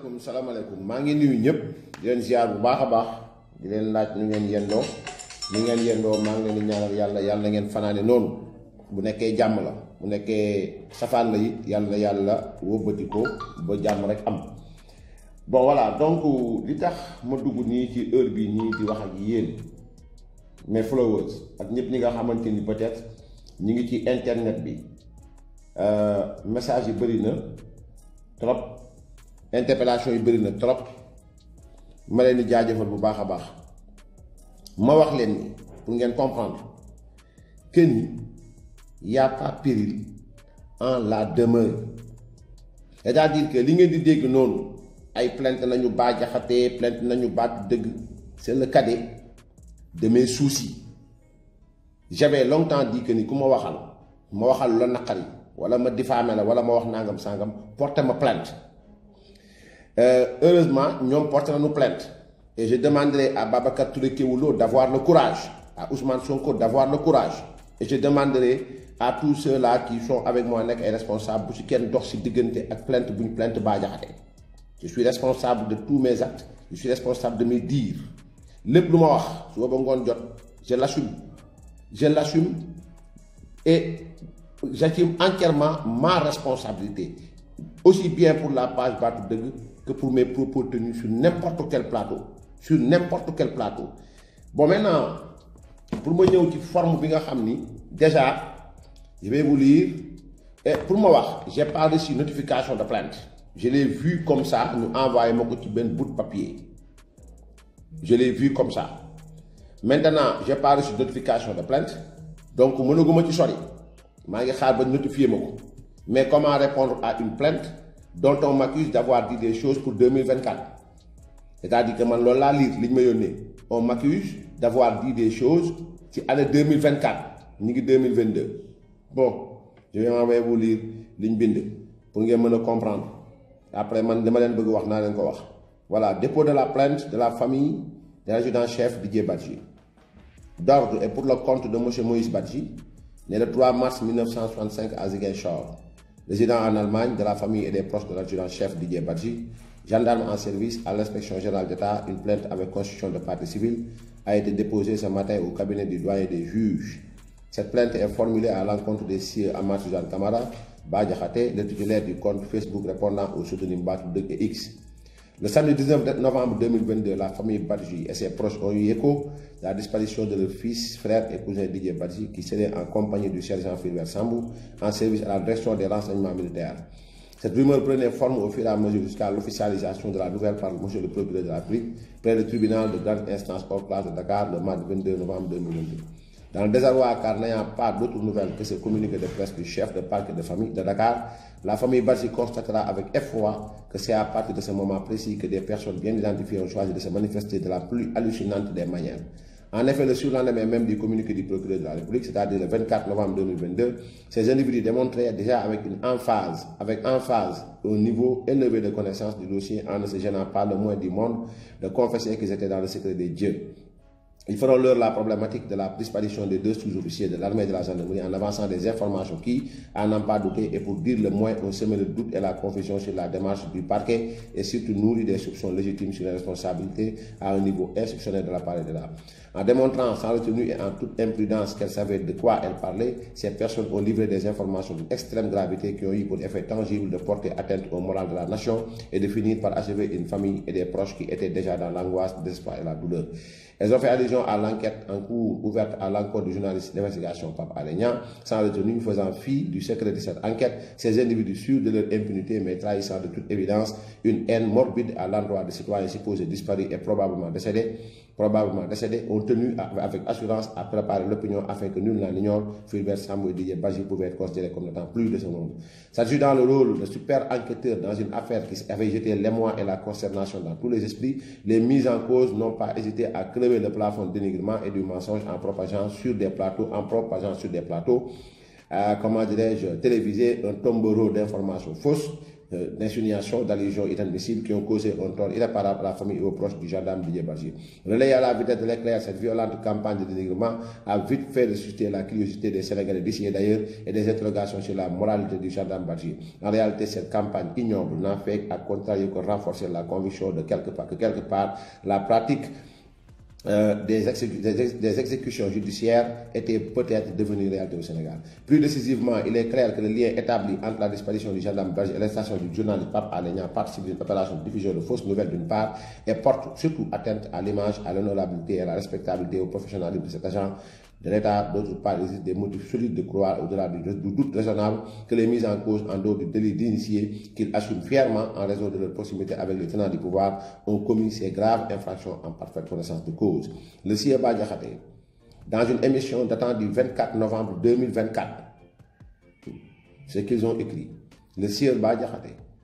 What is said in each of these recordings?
salaamaaleykum salaamaaleykum maa ngi nuyu ñëpp di leen ziar bu baax a baax di leen laaj nu ngeen yendoo nu ngeen yendoo maa ngi leen di ñaanal yalla, yàlla ngeen fanaane noonu bu nekkee jàmm la bu nekkee safaan la it yàlla yàlla wóbbati ko ba jàmm rek am bon voilà donc li tax ma dugg nii ci heure bi di wax ak yéen mes followers ak ñëpp ñi nga xamante ni peut-être ñi ngi ci internet bi euh, message yi bëri na trop interpellation yi bëri na trop ma leen di bu a ma wax leen pour comprendre que il y a pas péril en la demeure c'est-à-dire que li ngeen di dégg nous ay plainte nañu c'est le cadet de mes soucis j'avais longtemps dit que ni ku ma waxal ma waxal la naqari wala ma la wala ma wax nangam sangam plainte euh, heureusement, nous portons nos plaintes. Et je demanderai à Babacar d'avoir le courage, à Ousmane Sonko d'avoir le courage. Et je demanderai à tous ceux-là qui sont avec moi les et responsables bu ci dox ci ak plainte plainte je suis responsable de tous mes actes je suis responsable de mes dires Le plus mort, je l'assume je l'assume et j'assume entièrement ma responsabilité aussi bien pour la page de pour mes propos tenus sur n'importe quel plateau sur n'importe quel plateau bon maintenant pour moi forme déjà je vais vous lire et pour moi, j'ai parlé sur notification de plainte je l'ai vu comme ça nous envoyer mon bout de papier je l'ai vu comme ça maintenant j'ai parlé sur notification de plainte donc je ci sori ngi xaar ba notifier vous notifier. mais comment répondre à une plainte dont on m'accuse d'avoir dit des choses pour 2024 c'est-à-dire que man on m'accuse d'avoir dit des choses sur l'année 2024 ni 2022 bon je vais vous lire li bind pour que vous compreniez. comprendre après man dama de ce wax je vais ko wax voilà dépôt de la plainte de la famille de l'adjudant-chef Didier Badji d'ordre et pour le compte de M. Moïse Badji né le 3 mars 1965 à Ziguinchor résident en Allemagne de la famille et des proches de l'adjudant-chef Didier Badji, gendarme en service à l'inspection générale d'État, une plainte avec constitution de partie civile a été déposée ce matin au cabinet du doyen des juges. Cette plainte est formulée à l'encontre des sieurs Amar Kamara, Badjahate, le titulaire du compte Facebook répondant au pseudonyme Badjahate et X. Le samedi 19 novembre 2022, la famille Badji et ses proches ont eu écho de la disparition de leur fils, frère et cousin Didier Badji, qui serait en compagnie du sergent philippe Sambou en service à la direction des renseignements militaires. Cette rumeur prenait forme au fur et à mesure jusqu'à l'officialisation de la nouvelle par M. le procureur de la République près du tribunal de grande instance hors place de Dakar le mardi 22 novembre 2022. Dans le désarroi, car n'ayant pas d'autres nouvelles que ce communiqué de presse du chef de parc de famille de Dakar, la famille Badji constatera avec effroi que c'est à partir de ce moment précis que des personnes bien identifiées ont choisi de se manifester de la plus hallucinante des manières. En effet, le surlendemain même du communiqué du procureur de la République, c'est-à-dire le 24 novembre 2022, ces individus démontraient déjà avec une emphase, avec emphase au niveau élevé de connaissance du dossier en ne se gênant pas le moins du monde de confesser qu'ils étaient dans le secret des dieux. Ils feront leur la problématique de la disparition des deux sous-officiers de l'armée de la gendarmerie en avançant des informations qui, à n'en pas douter et pour dire le moins, ont semé le doute et la confusion sur la démarche du parquet et surtout nourri des soupçons légitimes sur les responsabilités à un niveau exceptionnel de la part de la. En démontrant sans retenue et en toute imprudence qu'elle savait de quoi elle parlait, ces personnes ont livré des informations d'une extrême gravité qui ont eu pour effet tangible de porter atteinte au moral de la nation et de finir par achever une famille et des proches qui étaient déjà dans l'angoisse, l'espoir et la douleur. Elles ont fait allusion à l'enquête en cours ouverte à l'encontre du journaliste d'investigation Pape araignan sans retenue faisant fi du secret de cette enquête, ces individus sûrs de leur impunité mais trahissant de toute évidence une haine morbide à l'endroit des citoyens supposés disparus et probablement décédés, probablement décédés, ont tenu avec assurance à préparer l'opinion afin que nul n'en ignore Fulbert Samuel et Didier Baji pouvaient être considérés comme n'étant plus de ce monde. S'agissant le rôle de super enquêteur dans une affaire qui avait jeté l'émoi et la consternation dans tous les esprits, les mises en cause n'ont pas hésité à crever le plafond dénigrement et du mensonge en propageant sur des plateaux, en propageant sur des plateaux, euh, comment dirais-je, télévisés, un tombereau d'informations fausses euh, d'insinuations, et inadmissibles qui ont causé un tort irréparable à la famille et aux proches du gendarme Didier Badji. Relayé à la vitesse de l'éclair, cette violente campagne de dénigrement a vite fait ressusciter la curiosité des Sénégalais d'ici et d'ailleurs et des interrogations sur la moralité du gendarme Badji. En réalité, cette campagne ignoble n'a fait qu'à contrario que renforcer la conviction de quelque part, que quelque part la pratique euh, des, des, exécutions judiciaires étaient peut-être devenues réalité au Sénégal. Plus décisivement, il est clair que le lien établi entre la disparition du gendarme belge et l'installation du journaliste Pape Aléna participe d'une opération de diffusion de fausses nouvelles d'une part et porte surtout atteinte à l'image, à l'honorabilité et à la respectabilité au professionnalisme de cet agent de l'État, d'autre part, il existe des motifs solides de croire, au-delà du, doute raisonnable, que les mises en cause en dehors du délit d'initié qu'ils assument fièrement en raison de leur proximité avec les tenants du pouvoir ont commis ces graves infractions en parfaite connaissance de cause. Le CIEBA dans une émission datant du 24 novembre 2024, ce qu'ils ont écrit, le CIEBA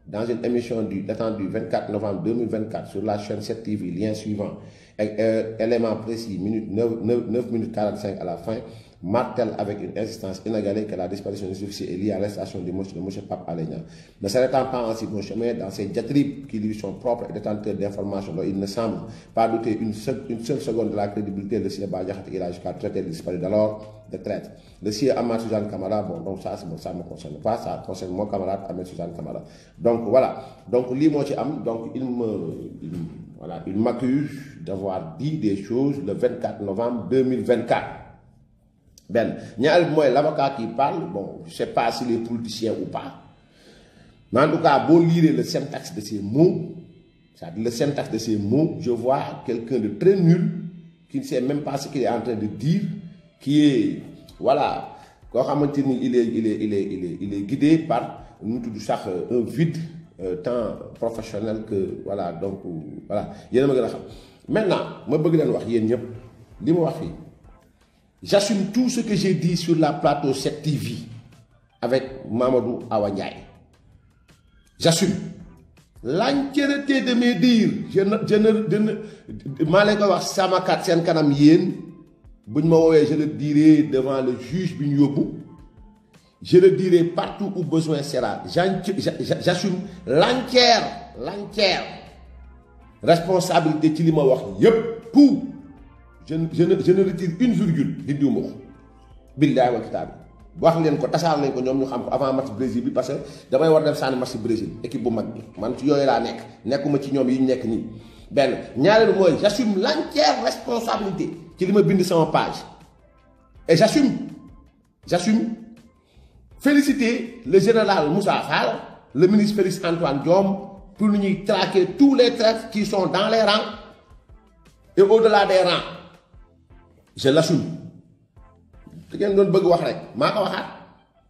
dans une émission datant du 24 novembre 2024 sur la chaîne 7 TV, lien suivant, euh, élément précis, minute 9, 9, minutes 45 à la fin, martèle avec une insistance inégalée que la disparition du succès est liée à l'arrestation de monsieur de Pape Alenia. Ne s'arrêtant pas en si bon chemin dans ces diatribes qui lui sont propres et détenteurs d'informations dont il ne semble pas douter une seule, seconde de la crédibilité de Sina Badiakat, il a jusqu'à traiter de disparu d'alors de traite. Le sien à Suzanne Kamara, bon, donc ça, ça ne me concerne pas, ça concerne mon camarade à Suzanne Kamara. Donc voilà. Donc, lui, moi, am, donc Il me voilà, il m'accuse d'avoir dit des choses le 24 novembre 2024. Ben, y Moy, l'avocat qui parle bon je sais pas s'il est politicien ou pas mais en tout cas beau lire le syntaxe de ces mots le syntaxe de ces mots je vois quelqu'un de très nul qui ne sait même pas ce qu'il est en train de dire qui est voilà il est il est il est il est il est guidé par euh, un vide euh, tant professionnel que voilà donc euh, voilà ma maintenant ma bëgg leen wax yéen ñëpp li j'assume tout ce que j'ai dit sur la plateau 7 TV avec Mamadou Awa Ndiaye j'assume l'entièreté de mes dires je ne je ne maa leen ko wax sama kat seen kanam yéen buñ ma je le dirai devant le juge bi ñu je le dirai partout où besoin sera. J'assume l'entière, l'entière responsabilité ci ma wax je ne je retire une virgule di diw ma wa wax leen ko leen avant match Brésil bi parce que damay war def match Brésil équipe bu mag ci mooy j'assume l'entière responsabilité ci li bind sama page et j'assume j'assume féliciter le général Moussa Fall, le ministre Félix Antoine Diom, pour nous traquer tous les traîtres qui sont dans les rangs et au-delà des rangs. Je l'assume.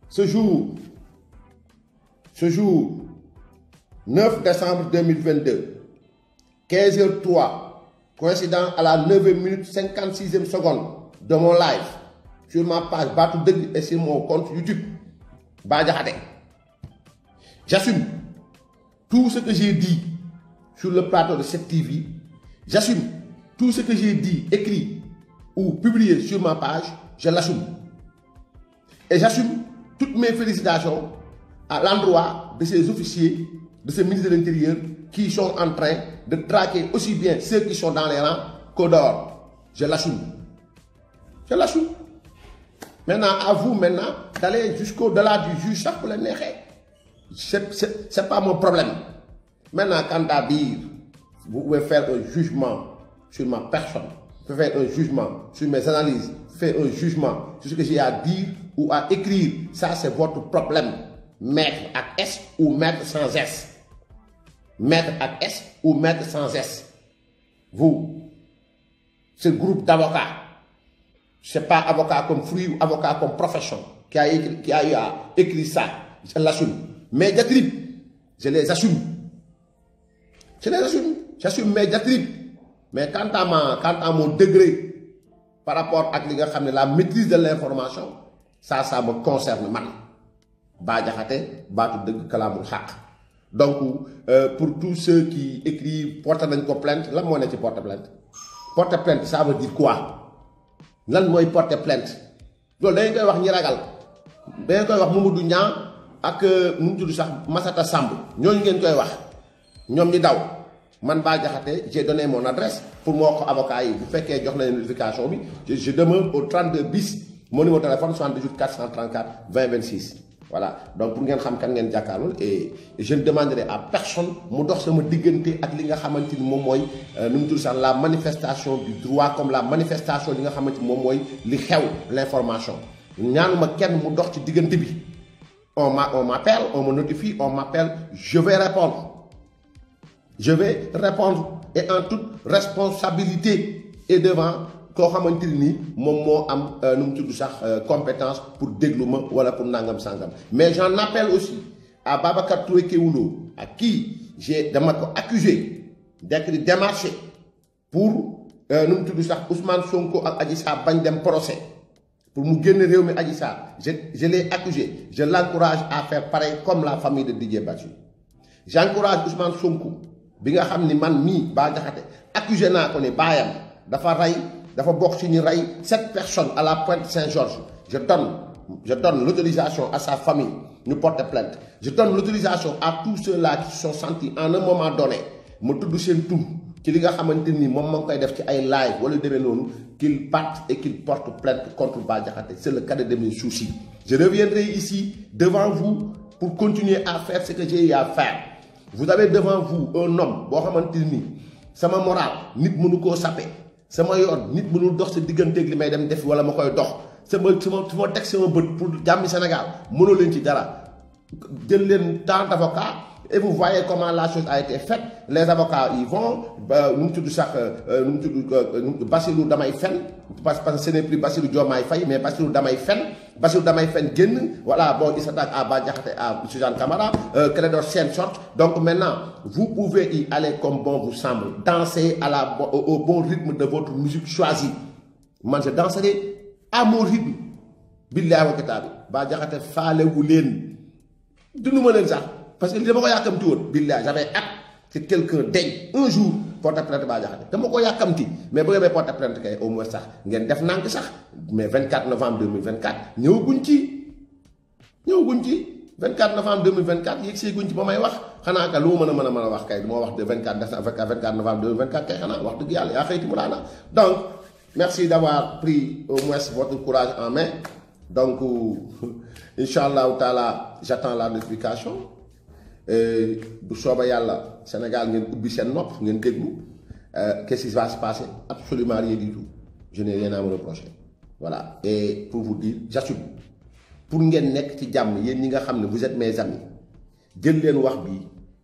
Ce jour, ce jour, 9 décembre 2022, 15h03, coïncident à la 9 minute 56e seconde de mon live sur ma page Batou et sur mon compte YouTube. Bah, j'assume tout ce que j'ai dit sur le plateau de cette TV. J'assume tout ce que j'ai dit, écrit ou publié sur ma page. Je l'assume. Et j'assume toutes mes félicitations à l'endroit de ces officiers, de ces ministres de l'Intérieur qui sont en train de traquer aussi bien ceux qui sont dans les rangs qu'au dehors. Je l'assume. Je l'assume. Maintenant, à vous maintenant d'aller jusqu'au-delà du juge ça bu c'est c'est pas mon problème maintenant quand à dire vous pouvez faire un jugement sur ma personne vous pouvez faire un jugement sur mes analyses faire un jugement sur ce que j'ai à dire ou à écrire ça c'est votre problème maître avec S ou maître sans S maître avec S ou maître sans S vous ce groupe d'avocats c'est pas avocat comme fruit ou avocat comme profession qui a, écrit, a eu à écrire ça. Je l'assume. Mes je les assume. Je les assume. J'assume mes diatribes. Mais quant à, quant à mon degré par rapport à la maîtrise de l'information, ça, ça me concerne mal. Donc, euh, pour tous ceux qui écrivent porte plainte, là, moi, je porte plainte. Porte plainte, ça veut dire quoi? Là, moi, porte plainte. Donc, là, ben koy wax Mamadou ak euh, sax Massata Samb ñoo ngeen koy wax man j'ai donné mon adresse pour moko avocat yi bu notification je demande au 32 bis mon numéro de téléphone 78 434 20 26 voilà donc pour ngeen xam kan ngeen et je ne demanderai à personne mu dox sama ak li nga euh, la manifestation du droit comme la manifestation li l'information kenn mu dox ci on m'appelle on me notifie on m'appelle je vais répondre je vais répondre et en toute responsabilité et devant koo xamante ni moom moo am euh, euh, compétence pour déglu ma wala pour nangam sangam mais j'en appelle aussi à Babacar Touré à qui j'ai dama accusé d'être démarché pour euh, nu mu Ousmane Sonko ak Adji Sarr dem procès pour nous générer je l'ai accusé je l'encourage à faire pareil comme la famille de Didier Bajou. j'encourage Ousmane Sonko bi nga man accusé na ko Bayam. baayam dafa fait dafa ci à la pointe Saint-Georges je donne je donne l'autorisation à sa famille Nous porter plainte je donne l'autorisation à tous ceux-là qui se sont sentis en un moment donné me tout ci li nga xamanteni ni moom ma ngi koy def ci ay live wala demee noonu qu'il parte et qu'il porte plainte contre Bah Diakhaté c'est le cas de Demeure Souci je reviendrai ici devant vous pour continuer à faire ce que j'ai à faire vous avez devant vous un homme boo xamanteni ni sama moral nit mënu koo sape sama yoon nit mënul dox sa digganteeg li may dem def wala ma koy dox sama sama su ma teg sama bët pour jàmmi Sénégal mënoo leen ci dara jël leen temps d'avocat et vous voyez comment la chose a été faite. Les avocats y vont. Nous tout ça, nous Bassirou Damaï Fen, parce que ce n'est plus Bassirou Diomaï Faye, mais Bassirou Damaï Fen. Bassirou Damaï Fen Gen, voilà, bon, il s'attaque à Badiakate, à Suzanne Kamara, euh, Crédor sorte. Donc maintenant, vous pouvez y aller comme bon vous semble. Danser à la, au, au bon rythme de votre musique choisie. Moi, je danserai à mon rythme. Billahi wa kitabi. Badiakate, fallez-vous l'en. D'une manière parce que li dama ko yàkkamti woon billaay j'avais hâte que quelqu'un daigne un jour porte plainte Bah Diakhaté dama ko yàkkamti mais bu ngeen porte plainte kay au moins ça, ngeen def nànk sax mais 24 novembre 2024 ñëwaguñ ci ñëwaguñ ci 24 novembre 2024 yegg seeguñ ci ba may wax xanaa ka lu ma mën a mën a mën a wax kay du ma wax de 24 décembre 24 novembre 2024 kay xanaa wax dëgg yàlla yaa xëyti mu donc merci d'avoir pris au moins votre courage en main donc euh, incha allahu taala j'attends la notification euh, bu soba yalla Sénégal ngeen ubbi sen nopp ngeen déglu euh, qu'est-ce qui va se passer absolument rien du tout je n'ai rien à me reprocher voilà et pour vous dire j'assume pour ngeen nek ci jamm yéen ñi nga xam vous êtes mes amis jël leen wax bi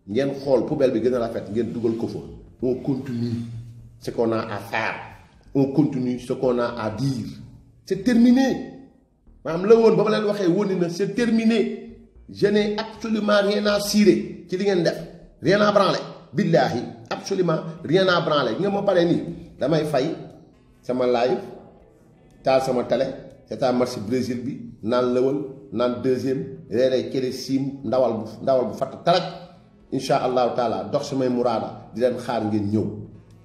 ngeen xool poubelle bi gëna rafet ngeen dugal ko fa on continue ce qu'on a à faire on continue ce qu'on a à dire c'est terminé maanaam la woon ba ma leen waxee na c'est terminé je n'ai absolument rien à cirer ci li ngeen def rien à branler billahi absolument rien à branler nga ma Je ni damay fay sama live ta sama télé match Brésil bi Nan leul nan deuxième réré ndawal ndawal taala di xaar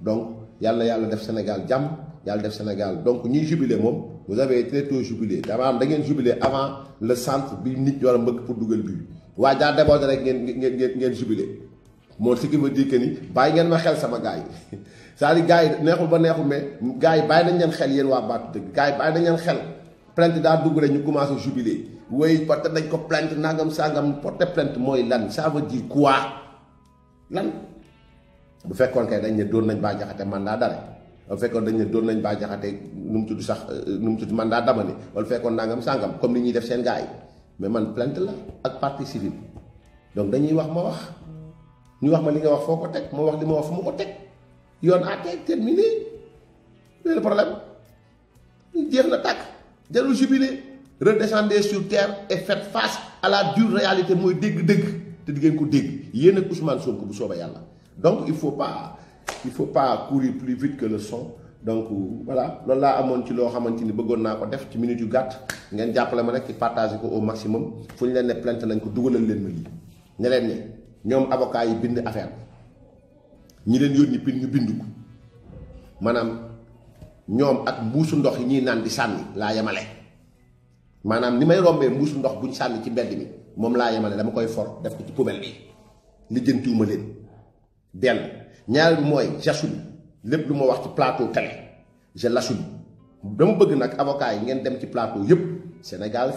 donc yalla def Sénégal jam yalla def Sénégal donc je jubilé mom vous avez été tôt jubilé D'abord, vous da jubilé avant le centre bi nit pour pour dugal jubilé. jubilés. jubilé ce qui que ni ma xel gars gars ne ba mais gars nañ xel baatu gars plainte jubilé plainte sangam Vous plainte été ça veut dire quoi bu vous kay dañ nañ Vous bah avez fekkoon dañ ne doon nañ baa jaxate nu mu tudd sax euh, nu mu tudd mandat dama ni wala fekkoon nangam sàngam comme ni ñuy def seen gars mais man plainte la ak partie civile donc dañuy wax ma wax ñu wax ma li nga wax foo ko teg wax li ma wax fu ko teg yoon àtte terminé le problème jeex na tàkk jarul jubilé redescendez sur terre et faites face à la dure réalité mooy dégg-dégg te di ngeen ko dégg yéen ak Ousmane Sonko bu sooba yàlla donc il faut pas il faut pas courir plus vite que le son donc voilà loolu ci lo xamanteni beugon nako def ci minute yu GATT. ma au maximum fu leen ne ko leen ma ne leen ni ñom avocat yi bind affaire ñi leen yoni pin ñu bindu ko manam ak des yi di manam ni may ndox buñ ci mbedd mi mom la dama koy for def ci poubelle bi ñaareel bi mooy lépp lu ma wax ci plateau télé je l'assume dama bëgg nag avocat yi ngeen dem ci plateau yépp Sénégal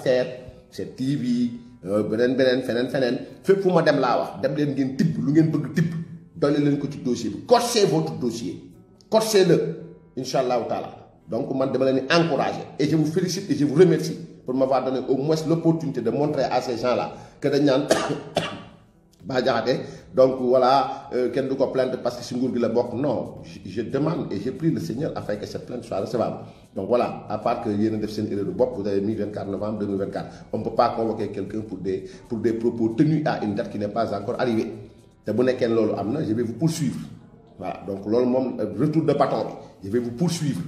7 TV euh, beneen beneen feneen feneen fépp fu ma dem laa wax dem leen ngeen tibb lu ngeen bëgg tibb ko ci dossier corsez votre dossier corsez le incha taala donc man dama leen et je vous félicite et je vous remercie pour m'avoir donné au moins l'opportunité de montrer à ces gens là que dañ naan Bah, donc voilà qu'elle euh, du plainte parce que si nguur la non je demande et j'ai prie le Seigneur afin que cette plainte soit recevable donc voilà à part que y a def vous avez mis 24 novembre 2024 on ne peut pas convoquer quelqu'un pour des pour des propos tenus à une date qui n'est pas encore arrivée c'est bon je vais vous poursuivre voilà donc le euh, retourne retour de bâton je vais vous poursuivre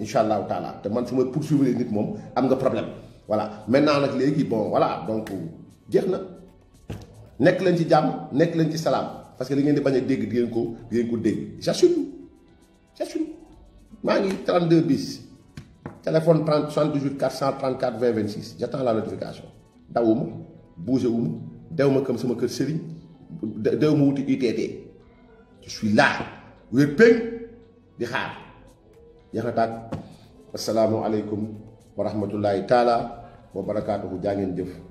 Inch'Allah allahu taala te man de poursuivre nit y am nga problème voilà maintenant les équipes, bon voilà donc dire nekk leen ci jàmm nekk leen ci salaam parce que li ngeen di bañ a dégg di ngeen ko di ngeen ko dégg j'assume j'assume maa ngi 32 bis téléphone 30 78 434 20 26 j'attends la notification dawuma bougé wuma dew ma comme sama kër sëriñ dew ma wuti UTT je suis là wér péng di xaar Assalamu alaykum, wa rahmatullahi taala wa barakaatuhu jaa ngeen jëf